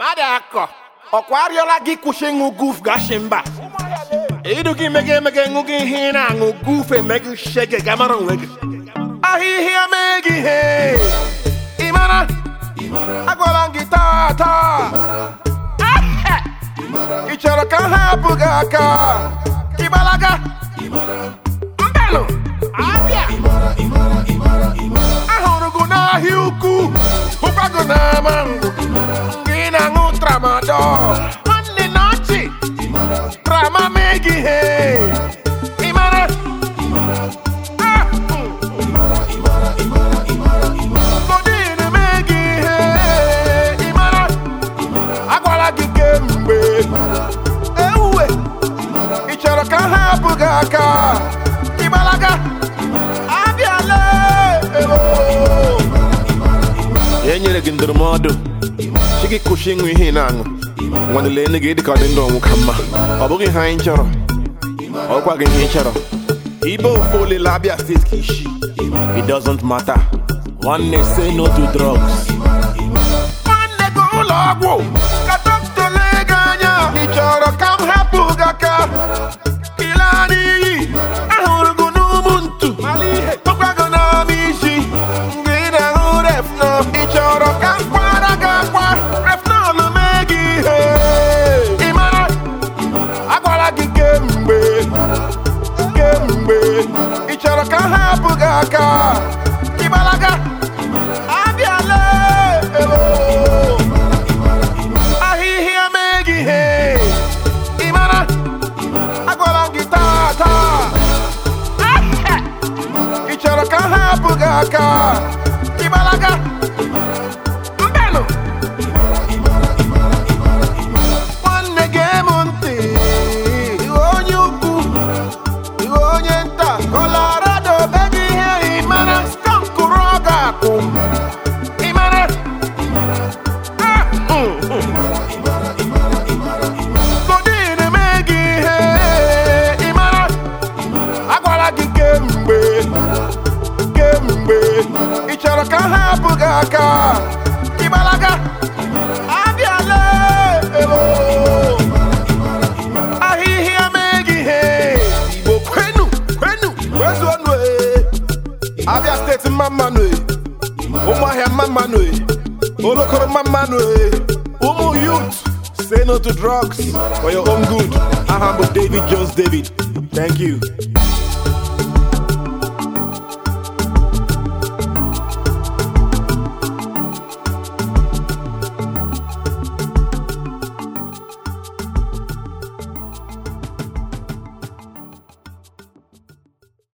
Madako, ọkwarịọla gị kwụsị ịṅụ guf gashi mba idu gị mege emege ṅụ gị ihe ị na-aṅụ guf emegị uche gị imara, imara, gị ahịa ihe imara, imara, ihe ị mara agwara imara. gị imara, imara, imara. Imara, imara, m hapụ gị aka ịgbalaga mbenụ abịa ahụrụ gị n'ahịa ukwu hụkwa gị n'ama Iggy hey. Imara. Imara. Ah. Imara, Imara, Imara, Imara, Imara. Bodine megi Imara. Imara. Agwala gị kemgbe. Imara. Ewuwe. Imara. Ị chọrọ ka ha hapụ gị aka. Ịgbalaga. Imara. Abịala. Ewo. E nyere ihe na-aṅụ nwanne lee gị dịka ọ ndụ ọnwụ ka mma ọ bụghị ha anyị chọrọ ọkwa gị ihe chọrọ ibe ofe olele abịa steeti ka isi it doesn't matter nwanne say no to drugs nwanne gị ụlọ ọgwụ Ibalaka, Ibalaka, Mbelo. Nwanne gee m ntị, onye ukwu, onye nta, Colorado be gị ihe ịmara, stankụrụ ọ ga-akwụ. Ịmara, ịmara, eh, mm, mm. ìbálàkà ìbálàkà abíálẹ̀ èbó. ahịhịa meghị ihe igbo kwenu kwenu kwezuonu abịa steeti mma mmanụ ụmụahịa mma mmanụ olokoro mma mmanụ ụmụ youth say no to drugs for your own good aha bụ david jones david thank you